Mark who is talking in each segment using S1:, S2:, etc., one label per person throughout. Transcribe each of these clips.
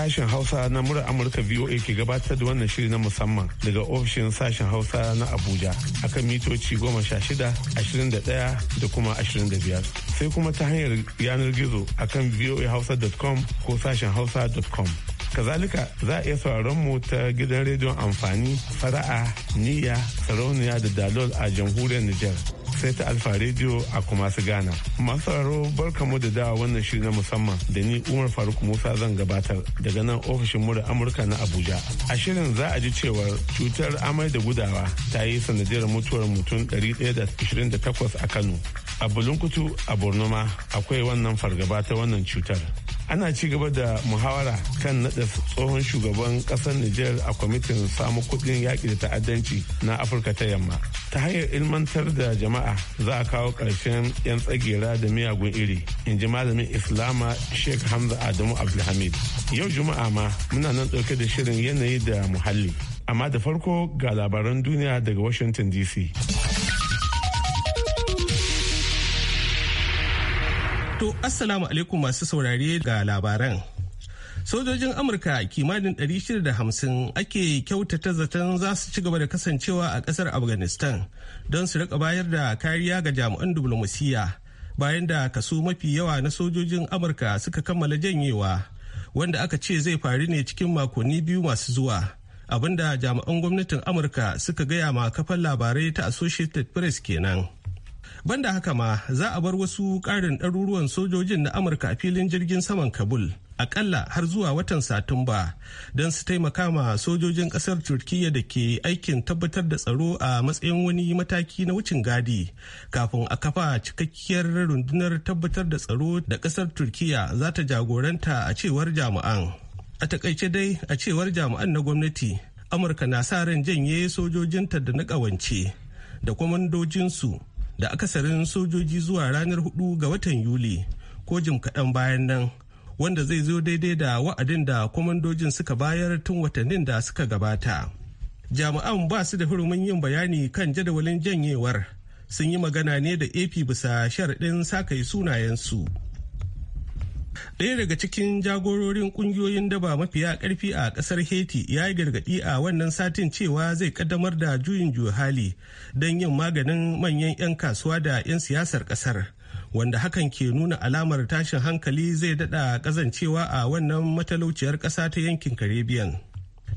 S1: sashen hausa na murar amurka voa ke gabatar da wannan shiri na musamman daga ofishin sashen hausa na abuja akan mitoci goma sha shida ashirin da ɗaya da kuma ashirin da biyar sai kuma ta hanyar yanar gizo akan hausa voahausa.com ko sashen hausa hausa.com kazalika za a iya sauraron mu ta gidan rediyon amfani fara'a niyya sarauniya da dalol a jamhuriyar nijar sai ta Alfa Radio a kuma su Ghana. Masu sauraro mu da dawa wannan shirin na musamman da ni Umar Faruk Musa zan gabatar daga nan ofishin mura Amurka na Abuja. A shirin za a ji cewar cutar amai da gudawa ta yi sanadiyar mutuwar mutum 128 a Kano. A Bulunkutu a Borno akwai wannan fargaba ta wannan cutar. ana ci gaba da muhawara kan nada tsohon shugaban kasar Nijar a kwamitin samu kudin yaƙi da ta'addanci na Afirka ta yamma. Ta hanyar ilmantar da jama'a za a kawo ƙarshen 'yan tsagera da miyagun iri, in ji malamin Islama Sheikh Hamza Adamu Abdulhamid. Yau Juma'a ma muna nan ɗauke da shirin yanayi da muhalli. Amma da farko ga labaran duniya daga Washington DC.
S2: Assalamu alaikum masu saurare ga labaran. Sojojin Amurka kimanin 650 ake kyautata zaton za su ci gaba da kasancewa a kasar Afghanistan don su rika bayar da kariya ga jami'an Dublomasiya, bayan da kaso mafi yawa na sojojin Amurka suka kammala janyewa wanda aka ce zai faru ne cikin makonni biyu masu zuwa. abinda jami'an gwamnatin Amurka suka gaya ma kafan labarai ta Associated Press kenan. Banda haka ma za a bar wasu ƙarin ɗaruruwan sojojin na Amurka a filin jirgin saman Kabul. akalla har zuwa watan satumba don su taimaka ma sojojin kasar turkiyya da ke aikin tabbatar da tsaro a matsayin wani mataki na wucin gadi kafin a kafa cikakkiyar rundunar tabbatar da tsaro da kasar turkiyya za ta jagoranta a cewar jami'an a takaice dai a cewar jami'an na gwamnati amurka na sa ran janye sojojinta da na ƙawance da kwamandojinsu da akasarin sojoji zuwa ranar 4 ga watan yuli ko jim kaɗan bayan nan wanda zai zo daidai da wa'adin da kwamandojin suka bayar tun watannin da suka gabata jami'an ba su da hurumin yin bayani kan jadawalin janyewar sun yi magana ne da ap bisa sharaɗin sakai sunayensu Ɗaya daga cikin jagororin ƙungiyoyin daba mafiya ƙarfi a ƙasar Haiti ya yi gargaɗi a wannan satin cewa zai ƙaddamar da juyin juhali don yin maganin manyan 'yan kasuwa da 'yan siyasar ƙasar. Wanda hakan ke nuna alamar tashin hankali zai daɗa ƙazancewa a wannan matalauciyar ƙasa ta yankin Caribbean.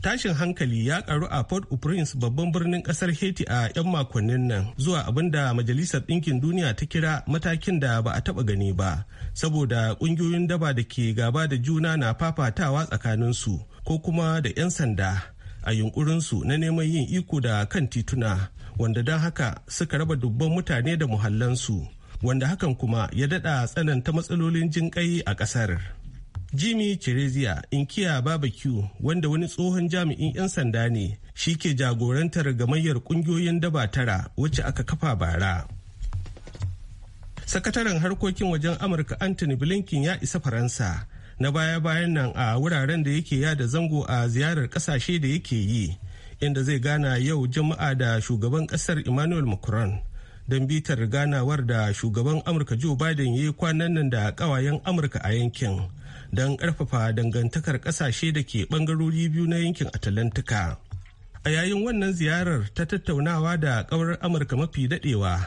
S2: tashin hankali ya karu a port au prince babban birnin kasar haiti a 'yan makonnin nan zuwa abin da majalisar Dinkin duniya ta kira matakin da ba a taɓa gani ba saboda ƙungiyoyin daba da ke gaba da juna na fafatawa tsakaninsu ko kuma da 'yan sanda a yunkurinsu na neman yin iko da kan tituna wanda don haka suka raba dubban mutane da muhallansu wanda hakan kuma ya daɗa tsananta matsalolin jinƙai a ƙasar. jimmy cherezia inkiya barbecue wanda wani tsohon jami'in 'yan sanda ne shi ke jagorantar gamayyar kungiyoyin daba tara wacce aka kafa bara sakataren harkokin wajen amurka anthony blinken ya isa faransa na baya-bayan nan a wuraren da yake yada zango a ziyarar kasashe da yake yi inda zai gana yau jama'a da shugaban kasar emmanuel macron don bitar ganawar da shugaban amurka joe biden ya yi kwanan nan da kawayen amurka a yankin don ƙarfafa dangantakar ƙasashe da ke ɓangarori biyu na yankin Atalantika. A yayin wannan ziyarar ta tattaunawa da ƙawar Amurka mafi daɗewa,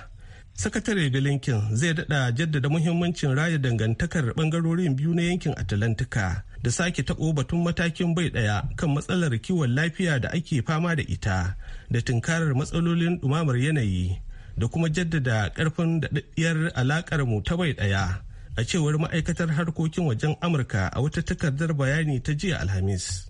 S2: Sakatare linkin zai daɗa jaddada muhimmancin raya dangantakar ɓangarorin biyu na yankin Atalantika da sake taɓo batun matakin bai ɗaya kan matsalar kiwon lafiya da ake fama da ita da tunkarar matsalolin ɗumamar yanayi da kuma jaddada ƙarfin daɗaɗɗiyar alakar mu ta bai ɗaya. a cewar ma'aikatar harkokin wajen amurka a wata takardar bayani ta jiya alhamis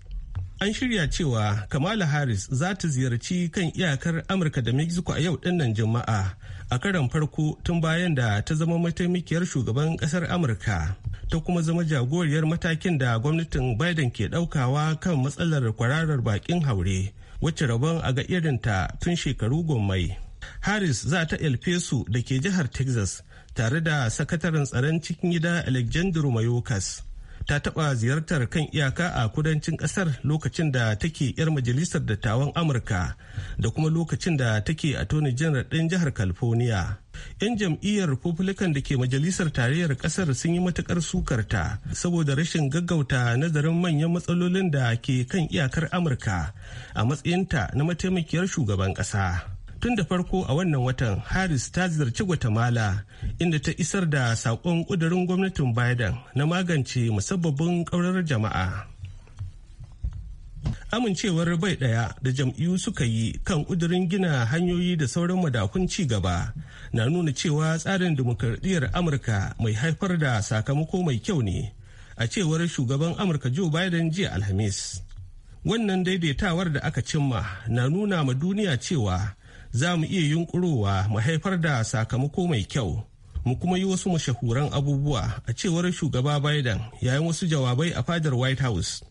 S2: an shirya cewa kamala harris za ta ziyarci kan iyakar amurka da mexico a yau dinnan jama'a a karan farko tun bayan da ta zama mataimakiyar shugaban kasar amurka ta kuma zama jagoriyar matakin da gwamnatin biden ke daukawa kan matsalar kwararar bakin haure wacce rabon a ga irinta tun shekaru gommai harris za ta el da ke jihar texas tare da sakataren tsaron cikin gida Alexandru mayokas ta taɓa ziyartar kan iyaka a kudancin ƙasar lokacin da take 'yar majalisar dattawan amurka da kuma lokacin da take a tony general ɗin jihar california 'yan jam'iyyar republican da ke majalisar tarayyar ƙasar sun yi matukar ta saboda rashin gaggauta nazarin manyan matsalolin da ke kan iyakar amurka a matsayinta na mataimakiyar shugaban ƙasa. tun da farko a wannan watan harris ta ziyarci guatemala inda ta isar da saƙon ƙudurin gwamnatin biden na magance musabbabin ƙaurar jama'a amincewar bai ɗaya da jam'iyyu suka yi kan ƙudurin gina hanyoyi da sauran madakun ci gaba na nuna cewa tsarin dimokuraɗiyyar amurka mai haifar da sakamako mai kyau ne a cewar shugaban amurka joe biden jiya alhamis wannan daidaitawar da aka cimma na nuna ma duniya cewa za mu iya yunkurowa mu haifar da sakamako mai kyau mu kuma yi wasu mashahuran abubuwa a cewar shugaba biden yayin wasu jawabai a fadar white house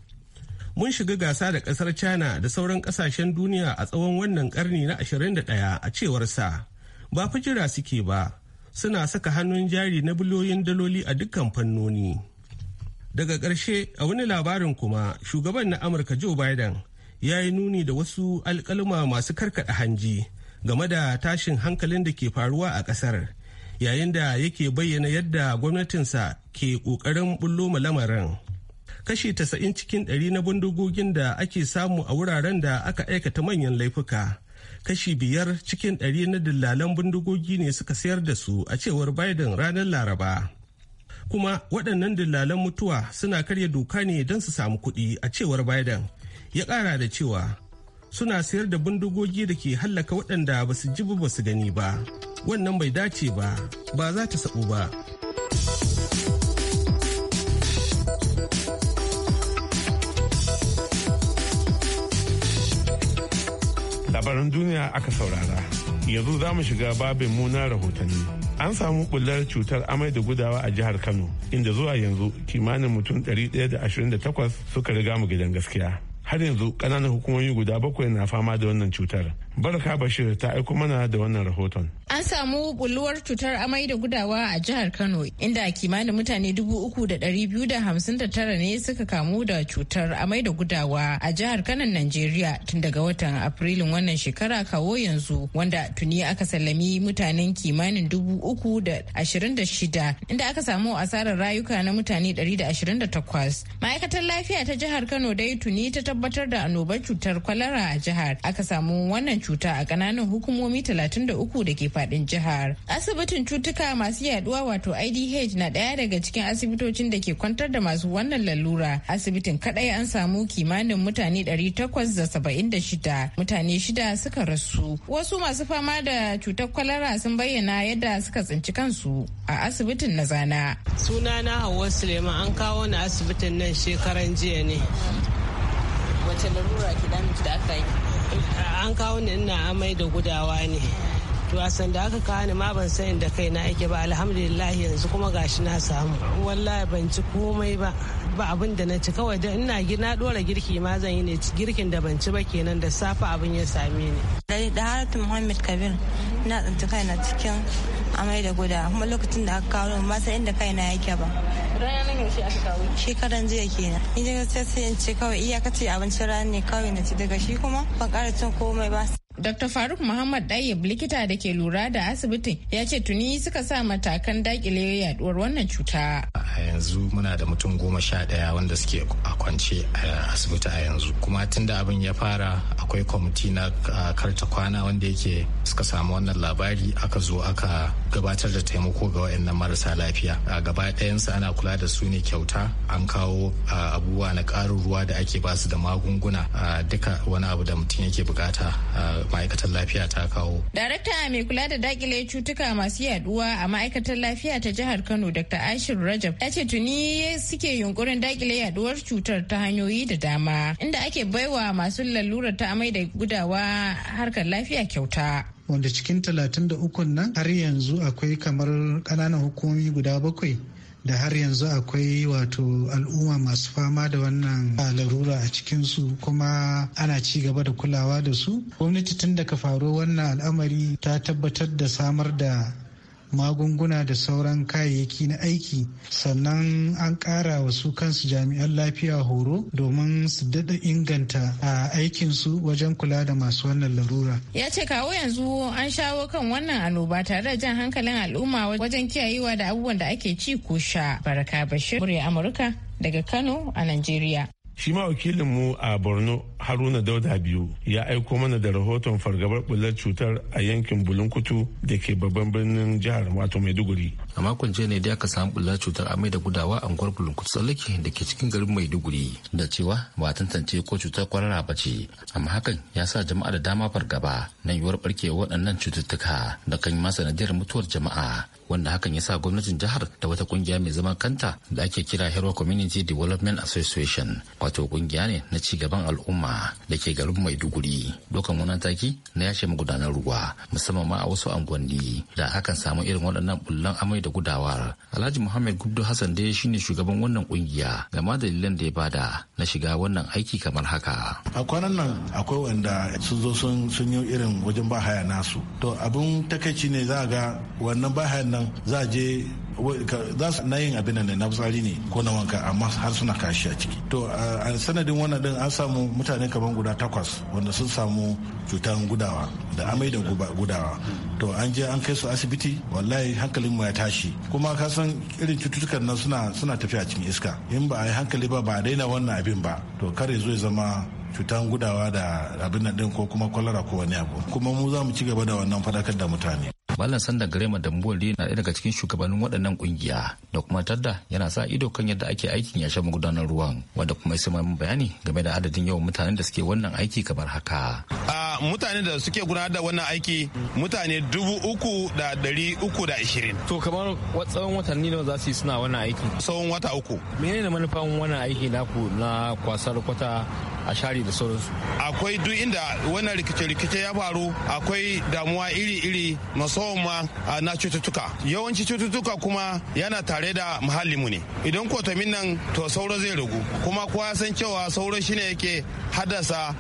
S2: mun shiga gasa da kasar china da sauran kasashen duniya a tsawon wannan karni na 21 a cewar sa ba jira suke ba suna saka hannun jari na biliyoyin daloli a dukkan fannoni daga ƙarshe a wani labarin kuma shugaban na amurka joe biden ya yi nuni da wasu alkalma masu karkada hanji game da tashin hankalin da ke faruwa a ƙasar yayin da yake bayyana yadda gwamnatinsa ke ƙoƙarin bullo lamarin. Kashi tasa'in cikin ɗari na bindigogin da ake samu a wuraren da aka aikata manyan laifuka. Kashi biyar cikin ɗari na dillalan bindigogi ne suka sayar da su a cewar Biden ranar Laraba. Kuma waɗannan dillalan mutuwa suna karya doka ne don su samu kuɗi a cewar Biden. Ya ƙara da cewa suna sayar da bindigogi da ke hallaka waɗanda ba su ji ba su gani ba wannan bai dace ba ba za ta sabu
S1: ba labaran duniya aka saurara yanzu za mu shiga babin muna rahotanni an samu bullar cutar amai da gudawa a jihar kano inda zuwa yanzu kimanin mutum 128 suka riga mu gidan gaskiya har yanzu ƙananan hukumomi guda bakwai na fama da wannan cutar Barka Bashir ta aiko mana da wannan rahoton.
S3: An samu buluwar cutar amai da gudawa a jihar Kano inda kimanin mutane dubu uku da dari biyu da hamsin da tara ne suka kamu da cutar amai da gudawa a jihar Kano Najeriya tun daga watan Afrilun wannan shekara kawo yanzu wanda tuni aka sallami mutanen kimanin dubu uku da ashirin da shida inda aka samu asarar rayuka na mutane dari da ashirin da takwas. Ma'aikatar lafiya ta jihar Kano dai tuni ta tabbatar da annobar cutar kwalara a jihar aka samu wannan cuta a kananan hukumomi 33 da ke fadin jihar. Asibitin cutuka masu yaduwa wato IDH na daya daga cikin asibitocin da ke kwantar da masu wannan lalura. Asibitin kadai an samu kimanin mutane 876 mutane shida suka rasu. Wasu masu fama da cutar kwalara sun bayyana yadda suka tsinci kansu a asibitin na zana. Sunana Hauwa Suleiman an kawo ni asibitin nan shekaran jiya ne. Wace lalura ki da aka yi? an kawo ni ina amai da gudawa ne to a sanda aka kawo ni ma ban san da kai na ake ba alhamdulillah yanzu kuma gashi na samu wallahi ban ci komai ba ba abin da na ci kawai da ina na dora girki ma zan yi ne girkin da ban ci ba kenan da safe abin ya same ni da haratu muhammad kabir na tsinci na cikin amai da guda kuma lokacin da aka kawo ni ma san inda na yake ba ranar yaushe aka kawo shekaran jiya kenan ni daga sai in ce kawai iyakaci abincin rana ne kawai na ci daga shi kuma ban kara cin komai ba Dr. Faruk Muhammad Dayib likita da ke lura da asibitin ya ce tuni suka sa matakan dakile yaduwar wannan cuta.
S4: A yanzu muna da mutum goma sha ɗaya wanda suke a kwance a asibiti a yanzu. Kuma tun da abin ya fara akwai kwamiti na karta kwana wanda yake suka samu wannan labari aka zo aka gabatar da taimako ga wayannan marasa lafiya. A gaba ɗayansu ana kula da su ne kyauta an kawo abubuwa na ƙarin ruwa da ake basu da magunguna duka wani abu da mutum yake bukata ma'aikatar lafiya ta kawo.
S3: Darakta mai kula da dakile cutuka masu yaduwa a ma'aikatar lafiya ta jihar Kano Dr. Ashir Rajab ya ce tuni suke yunkurin dakile yaduwar cutar ta hanyoyi da dama inda ake baiwa masu lalura ta amai da gudawa harkar lafiya kyauta.
S5: wanda cikin talatin 33 nan har yanzu akwai kamar ƙananan hukumomi guda bakwai da har yanzu akwai wato al'umma masu fama da wannan larura a cikinsu kuma ana ci gaba da kulawa da su gwamnati tun daga faruwar wannan al'amari ta tabbatar da samar da magunguna da sauran kayayyaki na aiki sannan an ƙara wa su kansu jami'an lafiya horo domin su daɗa inganta a aikinsu wajen kula da masu wannan larura.
S3: Ya ce kawo yanzu an shawo kan wannan annoba tare da jan hankalin al'umma wajen kiyayewa da abubuwan da ake ci ko sha. Baraka Bashir, Amurka daga Kano a nigeria.
S1: shi ma wakilinmu a borno haruna dauda biyu ya aiko mana da rahoton fargabar bullar cutar a yankin bulunkutu da ke babban birnin jihar wato maiduguri a
S4: makon jiya ne da aka samu bullar cutar amai da gudawa a unguwar bulunkutu tsallake da ke cikin garin maiduguri da cewa ba tantance ko cutar kwarara ba ce amma hakan ya sa jama'a da dama fargaba na yiwuwar waɗannan cututtuka da kan yi ma sanadiyar mutuwar jama'a wanda hakan ya sa gwamnatin jihar da wata kungiya mai zaman kanta da ake kira Hero Community Development Association wato kungiya ne na cigaban al'umma da ke garin Maiduguri dokan wani taki na yashe magudanar ruwa musamman ma a wasu anguwanni da hakan samu irin waɗannan bullan amai da gudawar. Alhaji Muhammad Gubdu Hassan dai shine shugaban wannan kungiya game dalilan da ya bada na shiga wannan aiki kamar haka.
S5: A kwanan nan akwai wanda sun zo sun yi irin wajen bahaya nasu. To abin takaici ne za ga wannan bahayan nan za a je za su na yin abin nan na fitsari ne ko na wanka amma har suna kashi a ciki to a sanadin wannan din an samu mutane kaman guda takwas wanda sun samu cutar gudawa da amai da gudawa to an je an kai su asibiti wallahi hankalin mu ya tashi kuma ka san irin cututtukan nan suna suna tafiya cikin iska in ba a yi hankali ba ba a daina wannan abin ba to kar ya zo ya zama cutan gudawa da abin nan din ko kuma kwalara ko wani abu kuma mu za mu ci gaba da wannan fadakar da mutane
S4: Malam Sanda Garema Dambole na daga cikin shugabannin waɗannan kungiya da kuma tadda yana sa ido kan yadda ake aikin yashe magudanar ruwan wanda kuma ya bayani game da adadin yawan mutanen da suke wannan aiki kamar haka.
S1: mutane da suke
S2: gudanar da wannan aiki mutane dubu uku da dari uku da ashirin. To kamar
S4: tsawon watanni nawa za su yi suna wannan aiki? Tsawon wata uku. Menene manufan wannan aiki naku na kwasar kwata a shari da sauransu.
S2: Akwai duk inda wannan rikice-rikice ya faru akwai damuwa iri-iri musamman na cututtuka. Yawanci cututtuka kuma yana tare da muhallinmu ne. Idan kotomin nan to sauro zai ragu kuma kowa san cewa sauro shine yake haddasa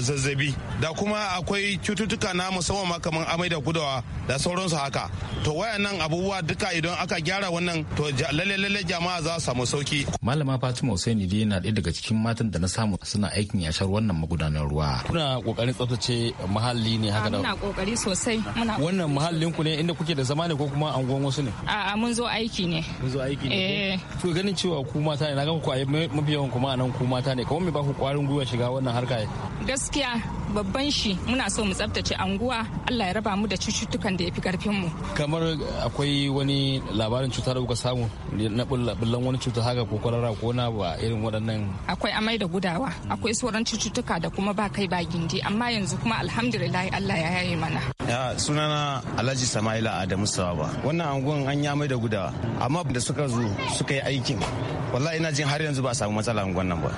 S2: zazzabi da kuma akwai cututtuka na musamman ma kamar amai da gudawa da sauransu haka to wayannan abubuwa duka idan aka gyara wannan to lalle lalle jama'a za
S4: su samu sauki malama fatima Hussein idi na ɗaya daga cikin matan da na samu suna aikin yashar wannan magudanar ruwa kuna kokarin tsaftace muhalli ne haka da muna
S3: kokari sosai wannan
S4: muhallin ku ne inda kuke da zama ne ko kuma anguwan wasu ne a'a mun
S3: zo aiki ne
S4: mun zo aiki ne eh. to ganin cewa ku mata ne na ga ku a mafi yawan kuma anan ku mata ne kawai me ba ku kwarin gwiwa shiga wannan harka
S3: gaskiya babban shi muna so mu tsabtace anguwa Allah ya raba mu da cututtukan da ya fi karfin mu
S4: kamar akwai wani labarin cuta da kuka samu na bullan wani cuta haka ko kwalara ko na ba irin waɗannan
S3: akwai amai da gudawa akwai sauran cututtuka da kuma ba kai ba gindi amma yanzu kuma alhamdulillah Allah ya yaye mana
S4: sunana Alhaji Sama'ila Adamu Sawaba wannan anguwan an yi amai da gudawa amma da suka zo suka yi aikin wallahi ina jin har yanzu ba a samu matsala anguwan nan ba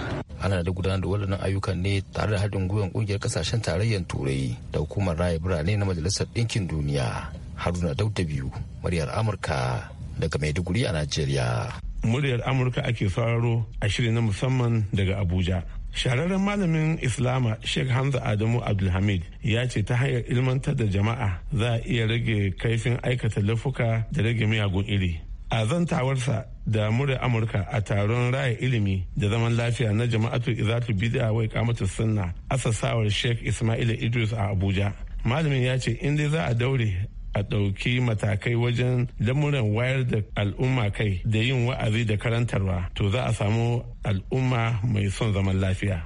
S4: ana da gudanar da waɗannan ayyukan ne tare da haɗin gwiwar ƙungiyar ƙasashen tarayyar turai da hukumar raya birane na majalisar ɗinkin duniya haruna dauda biyu muryar amurka daga maiduguri a najeriya
S1: muryar amurka ake sauraro a shirin na musamman daga abuja shahararren malamin islama sheikh hamza adamu abdulhamid ya ce ta hanyar ilmantar da jama'a za a iya rage kaifin aikata laifuka da rage miyagun iri a zantawarsa da murya amurka a taron raya ilimi da zaman lafiya na jama'atu izatu bid'a wai kamata sunna asasawar sheikh ismail idris a abuja malamin ya ce in dai za a daure a ɗauki matakai wajen lamuran wayar da al'umma kai da yin wa'azi da karantarwa to za a samu al'umma mai son zaman lafiya.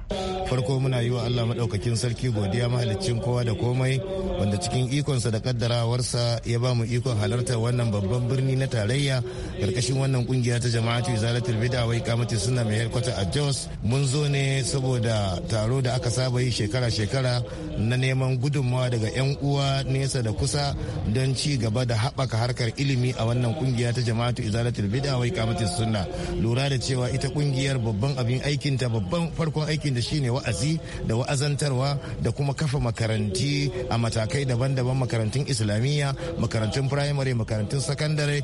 S6: farko muna yi wa Allah maɗaukakin sarki godiya mahalicin kowa da komai wanda cikin ikonsa da kaddarawarsa ya ba mu ikon halartar wannan babban birni na tarayya karkashin wannan kungiya ta jama'atu izalatul bid'a wai kamati suna mai harkwata a Jos mun zo ne saboda taro da aka saba yi shekara shekara na neman gudunmawa daga yan uwa nesa da kusa da don ci gaba da haɓaka harkar ilimi a wannan kungiya ta jama'atu izalatul bid'a wai iqamatus sunna lura da cewa ita kungiyar babban abin aikin ta babban farkon aikin da shine wa'azi da wa'azantarwa da kuma kafa makaranti a matakai daban-daban makarantun islamiyya makarantun firamare makarantun sakandare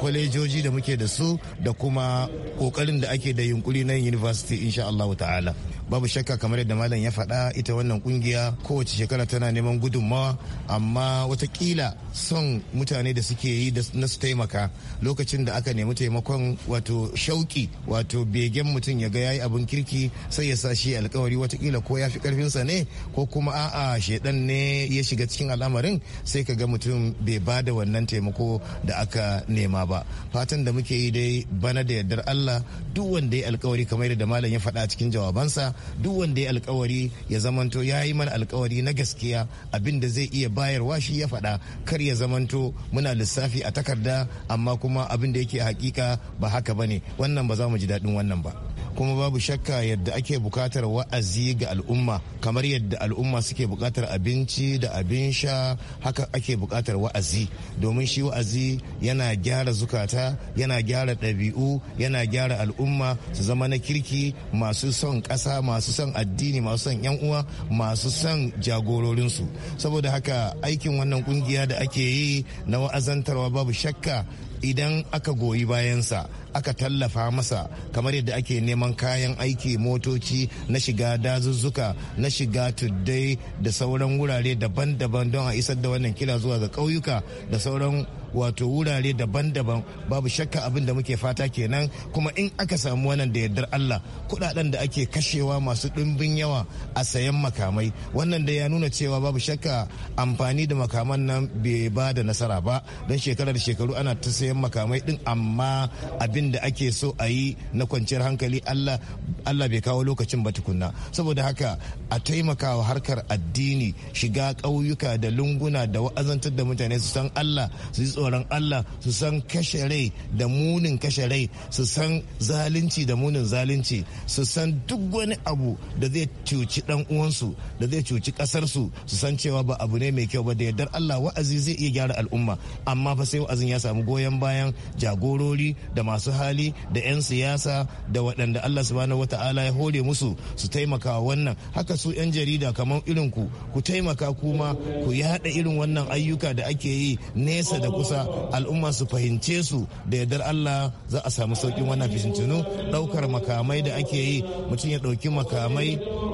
S6: kwalejoji da muke da su da kuma kokarin da ake da yunkuri na university insha Allah ta'ala babu shakka kamar yadda malam ya faɗa ita wannan kungiya kowace shekara tana neman gudunmawa amma watakila son mutane da suke yi na su taimaka lokacin da aka nemi taimakon wato shauki wato begen mutum ya ga yayi abin kirki sai ya sa shi alkawari watakila ko ya fi karfinsa ne ko kuma a'a shedan ne ya shiga cikin al'amarin sai ka ga mutum bai ba da wannan taimako da aka nema ba fatan da muke yi dai bana da yardar Allah duk wanda ya alkawari kamar yadda malam ya faɗa cikin jawabansa duk wanda ya alkawari ya zamanto ya yi mana alkawari na gaskiya abin da zai iya bayarwa shi ya faɗa kar ya zamanto muna lissafi a takarda amma kuma abin da yake hakika ba haka ba ne wannan ba za mu ji daɗin wannan ba kuma babu shakka yadda ake bukatar wa'azi ga al'umma kamar yadda al'umma suke bukatar abinci da abin sha haka ake bukatar wa'azi domin shi wa'azi yana gyara zukata yana gyara ɗabi'u yana gyara al'umma su zama na kirki masu son ƙasa masu son addini masu son yan uwa masu son jagororinsu saboda haka aikin wannan kungiya da ake yi na wa'azantarwa babu shakka idan aka goyi bayansa aka tallafa masa kamar yadda ake neman kayan aiki motoci na shiga dazuzzuka na shiga tuddai da sauran wurare daban-daban don a isar da wannan kira zuwa ga ƙauyuka da sauran wato wurare daban-daban babu shakka abin da muke fata kenan kuma in aka samu wannan da yardar Allah kudaden da ake kashewa masu ɗimbin yawa a sayan makamai wannan da ya nuna cewa babu shakka amfani da makaman nan bai ba da nasara ba don shekarar shekaru ana ta sayan makamai din amma abin da ake so a yi na kwanciyar hankali Allah Allah bai kawo lokacin ba tukunna saboda haka a taimakawa harkar addini shiga ƙauyuka da lunguna da wa'azantar da mutane su san Allah su yi tsoron Allah su san kashe rai da munin kashe rai su san zalunci da munin zalunci su san duk wani abu da zai cuci dan uwansu da zai cuci kasarsu su san cewa ba abu ne mai kyau ba da yardar Allah wa'azi zai iya gyara al'umma amma fa sai wa'azin ya samu goyon bayan jagorori da masu hali da 'yan siyasa da waɗanda Allah subhanahu wata'ala ya hore musu su taimaka wannan haka su 'yan jarida kamar irin ku ku taimaka kuma ku yada irin wannan ayyuka da ake yi nesa da kusa sa al'umma su fahimce su da yardar Allah za a samu sauƙin wannan fitintunu ɗaukar makamai da ake yi mutum ya ɗauki makamai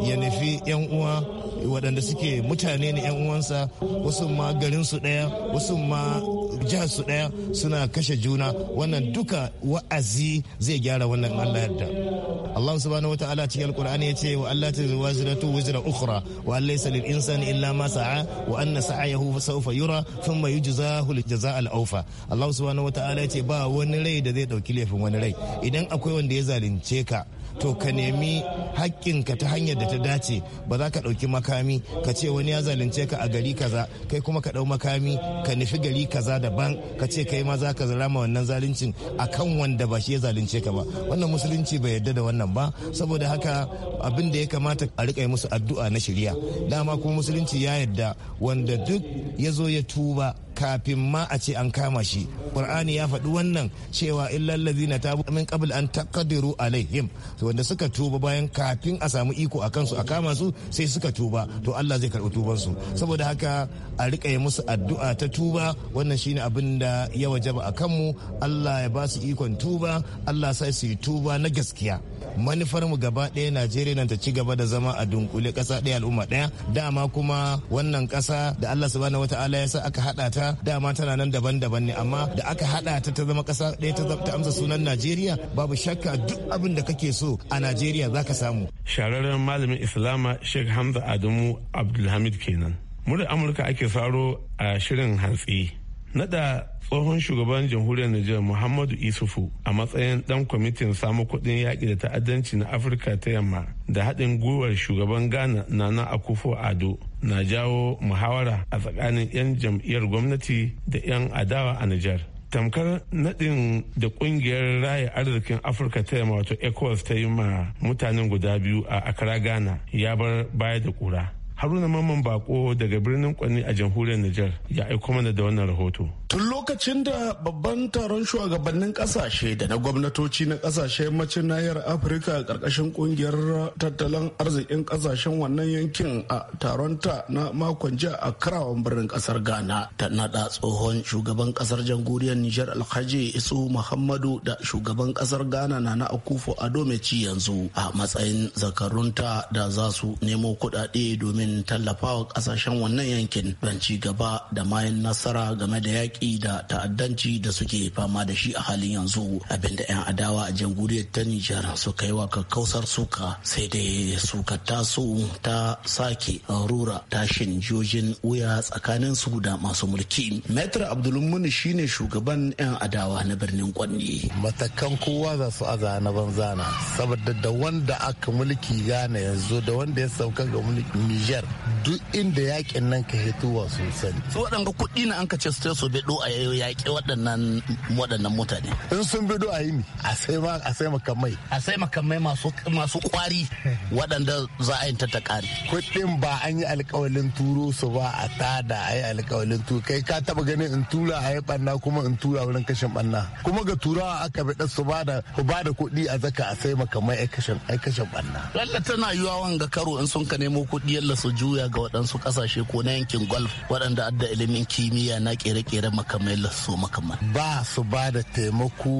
S6: ya nufi yan uwa waɗanda suke mutane ne 'yan uwansa wasu ma garin su ɗaya wasu ma jihar su ɗaya suna kashe juna wannan duka wa'azi zai gyara wannan Allah yadda Allah subhanahu wata'ala cikin alkur'ani ya ce wa Allah ta zuwa ziratu wizra ukhra wa Allah yasa lil insani illa ma sa'a wa anna sa'ayahu sawfa yura thumma yujzahu jazaa al awfa Allah subhanahu wata'ala ya ce ba wani rai da zai dauki laifin wani rai idan akwai wanda ya zalunce ka to ka nemi haƙƙinka ta hanyar da ta dace ba za ka ɗauki makami ka ce wani ya zalunce ka a gari kaza kai kuma ka ɗau makami ka nufi gari kaza daban ka ce kai ma za ka zalama wannan zaluncin a kan wanda ba shi ya zalunce ka ba wannan musulunci bai yarda da wannan ba saboda haka abin da ya kamata a riƙa musu addu'a na shirya dama kuma musulunci ya yarda wanda duk ya zo ya tuba kafin ma a ce an kama shi qur'ani ya faɗi wannan cewa illal ta tabu min qabl an taqdiru alaihim to wanda suka tuba bayan kafin a samu iko a kansu a kama su sai suka tuba to Allah zai karɓi tuban su saboda haka a rika yi musu addu'a ta tuba wannan shine abin da ya wajaba a kanmu Allah ya ba su ikon tuba Allah sai su yi tuba na gaskiya manufar mu gaba ɗaya Najeriya nan ta ci gaba da zama a dunkule ƙasa ɗaya al'umma ɗaya dama kuma wannan ƙasa da Allah subhanahu wataala ya sa aka haɗa ta dama tana nan daban-daban ne amma da aka hada ta ta zama kasa ɗaya ta amsa sunan Najeriya babu shakka duk abin da kake so a Najeriya za ka samu.
S1: Shararren malamin Islama Sheikh Hamza Adamu Abdulhamid kenan. Murar Amurka ake faro a shirin hantsi. nada tsohon shugaban jamhuriyar Nijar Muhammadu Isufu a matsayin dan kwamitin samun kuɗin yaƙi da ta'addanci na Afirka ta yamma da haɗin gwiwar shugaban Ghana Nana Akufo Ado na jawo muhawara a tsakanin 'yan jam'iyyar gwamnati da 'yan adawa a Nijar. tamkar nadin da kungiyar raya arzikin afirka ta yamma wato ecowas ta yi ma mutanen guda biyu a akara ghana ya bar baya da kura haruna mamman bako daga birnin kwani a jamhuriyar nijar ya aiko mana da wannan rahoto
S5: Tun lokacin da babban taron shugabannin
S7: kasashe da na gwamnatoci na kasashe yammacin nahiyar Afirka a ƙarƙashin ƙungiyar tattalin arzikin kasashen wannan yankin a taron ta na makon jiya a karawan birnin ƙasar Ghana ta naɗa tsohon shugaban ƙasar jamhuriyar Nijar Alhaji Isu Muhammadu da shugaban ƙasar Ghana na na Akufo Ado ci yanzu a matsayin zakarunta da za su nemo kuɗaɗe domin tallafawa ƙasashen wannan yankin don ci gaba da mayan nasara game da yaƙi yaƙi da ta'addanci da suke fama da shi a halin yanzu abinda 'yan adawa a jamhuriyar ta Nijar suka yi wa kakkausar suka sai dai suka taso ta sake rura tashin jojin wuya tsakanin su da masu mulki. Metro Abdulmuni shine shugaban 'yan adawa na birnin
S8: kwanne Matakan kowa za su aza na banzana saboda da wanda aka mulki gane yanzu da wanda ya sauka ga mulki Nijar duk inda yakin nan ka hituwa sun sani.
S7: Su waɗanda kuɗi na an ka ce su bai bido a yaƙi waɗannan waɗannan mutane
S8: in sun bido a yi ne a sai ma a sai makamai a sai makamai masu masu kwari waɗanda za a yi ta takari kuɗin ba an yi alƙawalin turo su ba a tada a yi alƙawalin turo kai ka taɓa ganin in tura a yi ɓanna kuma in tura wurin kashin ɓanna kuma ga turawa aka bi su ba da ba da kuɗi a zaka a sai makamai ai kashin ai kashin ɓanna lalla
S7: tana yiwa wanga karo in sun ka nemo kuɗi yalla su juya ga waɗansu ƙasashe ko na yankin golf waɗanda adda ilimin kimiyya na kere-kere makamai su makamai
S8: ba su ba da taimako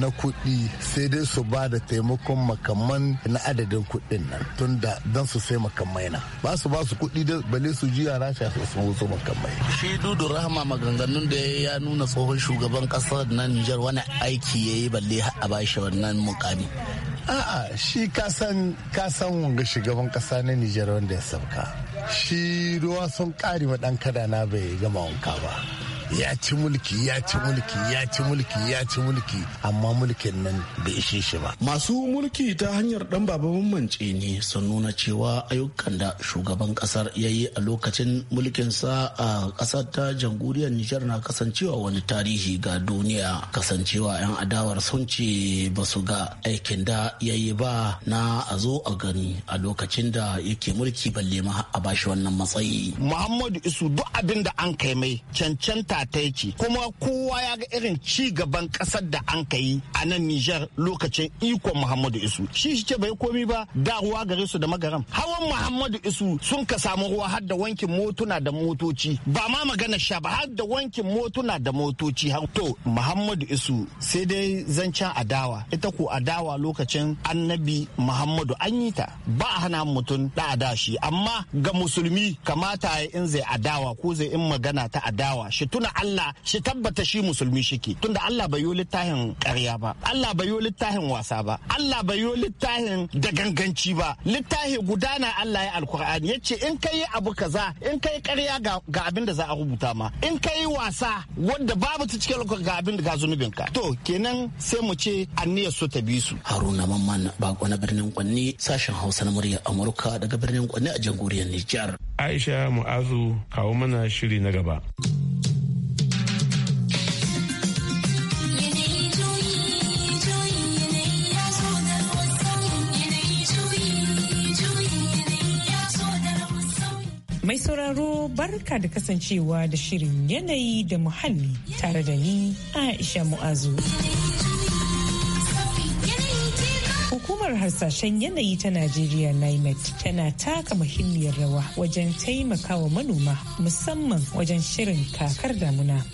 S8: na kuɗi sai dai su ba da taimakon makaman na adadin kuɗin nan tun da don su sai makamai na ba su ba su kuɗi da bale su ji yara shi su wuzo makamai
S7: shi dudu rahama maganganun da ya nuna tsohon shugaban ƙasar na Nijar wani
S8: aiki ya yi balle a bashi wannan mukami A'a shi ka san wanga shugaban kasa na Nijar wanda ya sauka. Shi ruwa sun kare ma dan kada na bai gama wanka ba. ya ci mulki ya ci mulki ya ci mulki ya ci mulki amma mulkin nan bai ishe shi ba
S5: masu mulki ta hanyar dan baba mamance ne
S7: sun nuna cewa ayyukan da shugaban kasar ya yi a lokacin mulkin sa a kasar ta jamhuriyar nijar na kasancewa wani tarihi ga duniya kasancewa 'yan adawar sun ce ba su ga aikin da ya yi ba na a zo a gani a lokacin da yake mulki balle ma a bashi wannan matsayi
S8: muhammadu
S7: isu duk abin da an kai mai cancanta ta kuma kowa ya ga irin ci gaban ƙasar da an kai a nan Nijar lokacin ikon Muhammadu Isu shi shi ce bai komi ba da ruwa gare su da magaram hawan Muhammadu Isu sun ka samu ruwa har da wankin motuna da motoci ba ma magana sha ba har da wankin motuna da motoci har to Muhammadu Isu sai dai zancen adawa ita ko adawa lokacin annabi Muhammadu an yi ta ba a hana mutum da adashi amma ga musulmi kamata in zai adawa ko zai in magana ta adawa shi tuna tunda Allah shi tabbata shi musulmi shike tunda Allah bai yi littafin ƙarya ba Allah bai yi littafin wasa ba Allah bai yi littafin da ganganci ba littafi gudana Allah ya alkur'ani yace in kai abu kaza in kai ƙarya ga abin da za a rubuta ma in kai wasa wanda babu ta cikin alkur'ani ga abin da ga zunubin ka to kenan sai mu ce aniyar su ta bi su Haruna Mamman bako na birnin Kwanni sashen Hausa na
S1: muryar Amurka daga birnin Kwanni a jamhuriyar Nijar Aisha Mu'azu kawo mana shiri na gaba.
S9: Mai sauraro barka da kasancewa da shirin yanayi da muhalli tare da ni Aisha Mu'azu. Hukumar harsashen yanayi ta Najeriya NIMET tana taka muhimmiyar rawa wajen taimakawa manoma musamman wajen shirin kakar damuna.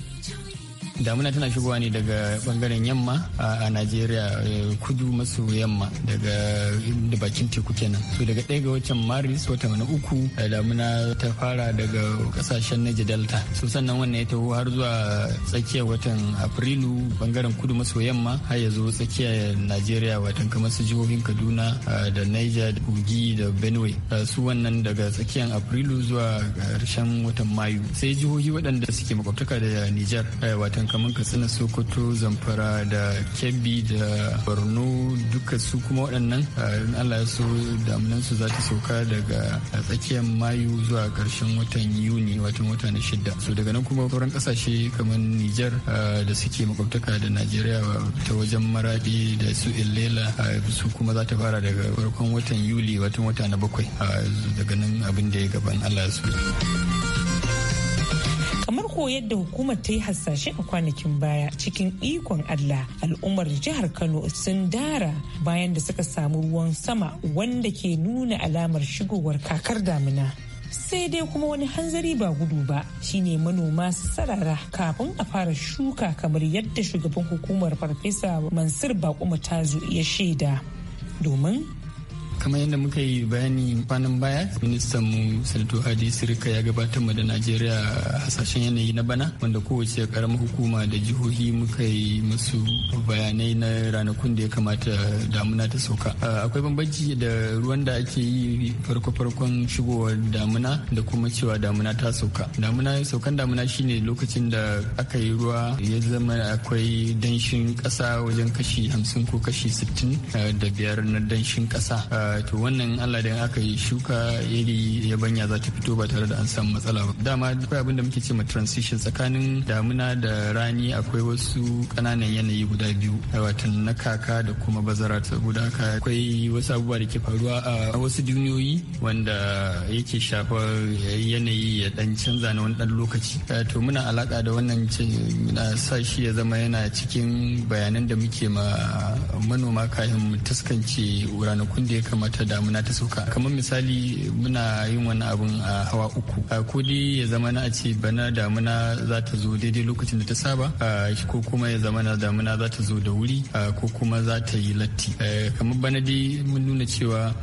S10: damuna tana shigowa ne daga bangaren yamma a najeriya eh, kudu maso yamma daga inda bakin teku kenan so daga ɗaya ga watan maris wata na uku eh, damuna ta fara daga kasashen niger delta so sannan wannan ya taho har zuwa tsakiyar watan afrilu bangaren kudu maso yamma har ya zo tsakiyar najeriya watan kamar su jihohin kaduna da niger da kogi da benue su wannan daga tsakiyar afrilu zuwa ƙarshen watan mayu sai jihohi waɗanda suke makwabtaka da niger eh, watan kamar katsina sokoto zamfara da kebbi da borno duka su kuma waɗannan in allah ya so damunan su za ta sauka daga tsakiyar mayu zuwa ƙarshen watan yuni watan wata na shida so daga nan kuma sauran ƙasashe kamar niger da suke makwabtaka da najeriya ta wajen maraɗi da su Ilela su kuma za ta fara daga farkon watan yuli watan wata na bakwai daga nan abin da ya gaban allah ya so
S9: kamar ko yadda hukumar ta yi hasashe a kwanakin baya cikin ikon Allah al'ummar jihar Kano sun dara bayan da suka samu ruwan sama wanda ke nuna alamar shigowar kakar damina. sai dai kuma wani hanzari ba gudu ba shine manoma sarara kafin a fara shuka kamar yadda shugaban hukumar farfesa mansur bakuma tazu ya shaida
S10: domin kamar yadda muka yi bayani kwanan baya ministan mu sanatu hadi sirika ya gabatar mu da najeriya hasashen yanayi na bana wanda kowace karamar hukuma da jihohi muka yi musu bayanai na ranakun da ya kamata damuna ta sauka akwai bambanci da ruwan da ake yi farko-farkon shigowar damuna da kuma cewa damuna ta sauka damuna saukan damuna shine lokacin da aka yi ruwa ya zama akwai danshin kasa wajen kashi hamsin ko kashi sittin eh, da biyar na danshin kasa eh, to wannan allah da aka yi shuka iri yabanya za ta fito ba tare da an samu matsala ba dama akwai abin da muke ce ma transition tsakanin damuna da rani akwai wasu kananan yanayi guda biyu watan na kaka da kuma bazara saboda ka akwai wasu abubuwa da ke faruwa a wasu duniyoyi wanda yake shafar yanayi ya dan canza na wani dan lokaci eh, to muna alaka da wannan na sa shi ya zama yana cikin bayanan da muke ma manoma kayan mu taskance ranakun da ya kama wata damuna ta sauka kamar misali muna yin wani abun a hawa uku ko dai ya zama na a ce bana damuna za ta zo daidai lokacin da ta saba ko kuma ya zama na damuna za ta zo da wuri ko kuma za ta yi latti kamar bana dai mun nuna cewa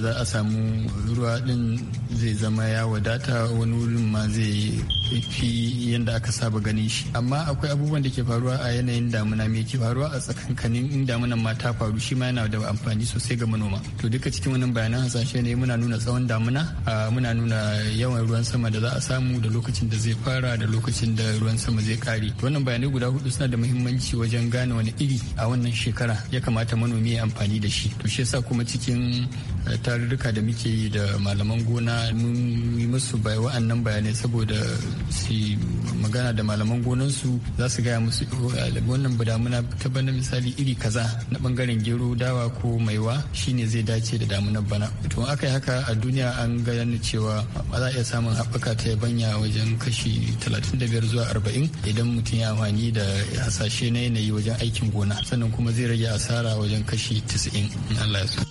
S10: za a samu ruwa din zai zama ya wadata wani wurin ma zai fi yadda aka saba ganin shi amma akwai abubuwan da ke faruwa a yanayin damuna me ke faruwa a tsakankanin in damunan ma ta faru shi ma yana da amfani sosai ga manoma to duka cikin wannan bayanan hasashe ne muna nuna tsawon damuna muna nuna yawan ruwan sama da za a samu da lokacin da zai fara da lokacin da ruwan sama zai kare wannan bayanai guda hudu suna da muhimmanci wajen gane wani iri a wannan shekara ya kamata manomi ya amfani da shi to shi yasa kuma cikin eh, tarurruka da muke yi da malaman gona mun yi musu bai wa'annan bayanai saboda su magana da malaman gonansu za su gaya musu eh, wannan damuna ta bana misali iri kaza na bangaren gero dawa ko maiwa shine zai dace ce da damunan bana to aka yi haka a duniya an gani cewa za a iya samun haɓaka ta yabanya wajen kashi talatin da biyar zuwa arba'in idan mutum ya amfani da hasashe na yanayi wajen aikin gona sannan kuma zai rage asara wajen kashi 90 in Allah ya so.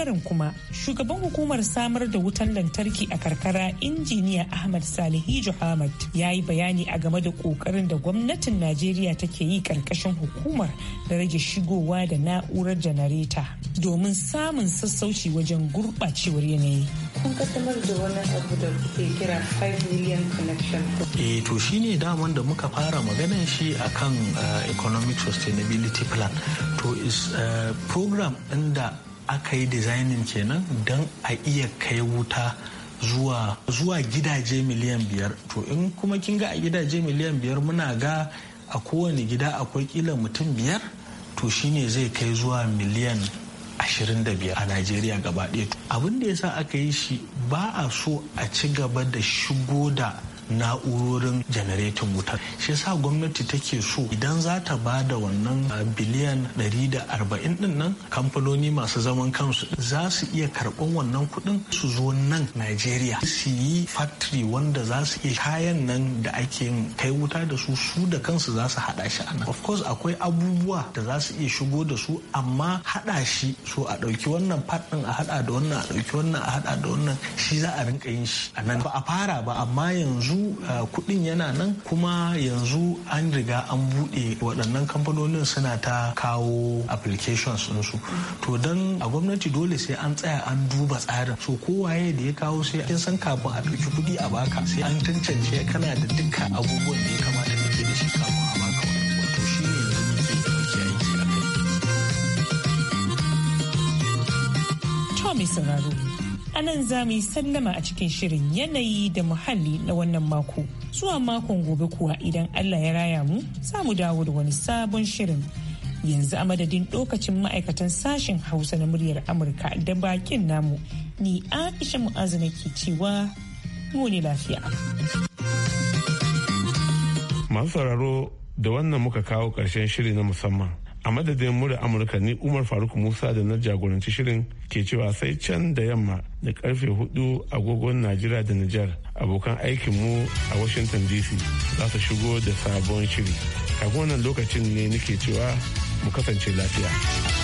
S9: bangaren kuma shugaban hukumar samar da wutar lantarki a karkara injiniya ahmad salihu ahmad ya yi bayani a game da kokarin da gwamnatin najeriya take yi karkashin hukumar da rage shigowa da na'urar janareta domin samun sassauci wajen gurɓacewar yanayi kun kaddamar da wani abu da kuke kira 5 million connection
S5: eh to shine daman da muka fara maganan shi akan eh, economic sustainability plan to is eh, program inda aka yi dizainin kenan don a iya kai wuta zuwa zuwa gidaje miliyan biyar to in kuma kin ga a gidaje miliyan biyar muna ga a kowane gida akwai kila mutum biyar to shine zai kai zuwa miliyan ashirin da biyar. a Najeriya gaba ɗaya. Abin da ya sa aka yi shi ba a so a ci gaba da shigo da na'urorin janaretin wuta shi yasa gwamnati take so idan za ta ba da wannan ah, biliyan 140 din nan kamfanoni masu zaman kansu za su iya karɓan wannan kuɗin su zo nan najeriya su yi factory wanda za su iya kayan nan da ake kai wuta da su su da kansu za su haɗa shi a nan of course akwai abubuwa da za su iya shigo da su amma haɗa shi so a ɗauki wannan part ɗin a haɗa da wannan a ɗauki wannan a haɗa da wannan shi za a rinka yin shi a ba a fara ba amma yanzu a kuɗin yana nan kuma yanzu an riga an buɗe waɗannan kamfanonin suna ta kawo applications su to don a gwamnati dole sai an tsaya an duba tsarin so kowaye da ya kawo sai kin san kafin a ɗauki kuɗi a baka sai an tantance kana da dukkan abubuwan da ya kamata kake da shi kafin a baka wato shi ne yanzu ne ke aiki a kai.
S9: To mai sauraro anan za mu yi sallama a cikin shirin yanayi da muhalli na wannan mako zuwa makon gobe kuwa idan allah ya raya mu za mu dawo da wani sabon shirin yanzu a madadin lokacin ma'aikatan sashen hausa na muryar amurka da bakin namu ni aisha mu'azu ke cewa mu ne lafiya
S1: masu sararo da wannan muka kawo ƙarshen shiri na musamman a madadin murar amurka ni umar faruk musa da na jagoranci shirin ke cewa sai can da yamma da karfe hudu agogon najeriya da nijar abokan aikinmu a washington dc za su shigo da sabon shiri a wannan lokacin ne nake cewa mu kasance lafiya.